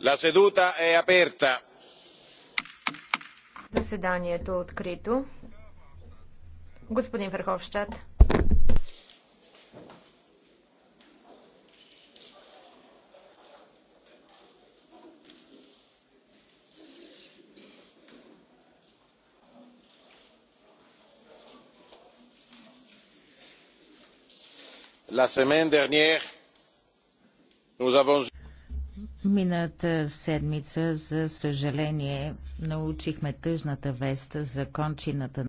La seduta е aperta. Заседанието е открито. Господин Верховщад. La semaine dernière, nous avons Мината седмица, за съжаление, научихме тъжната веста за кончината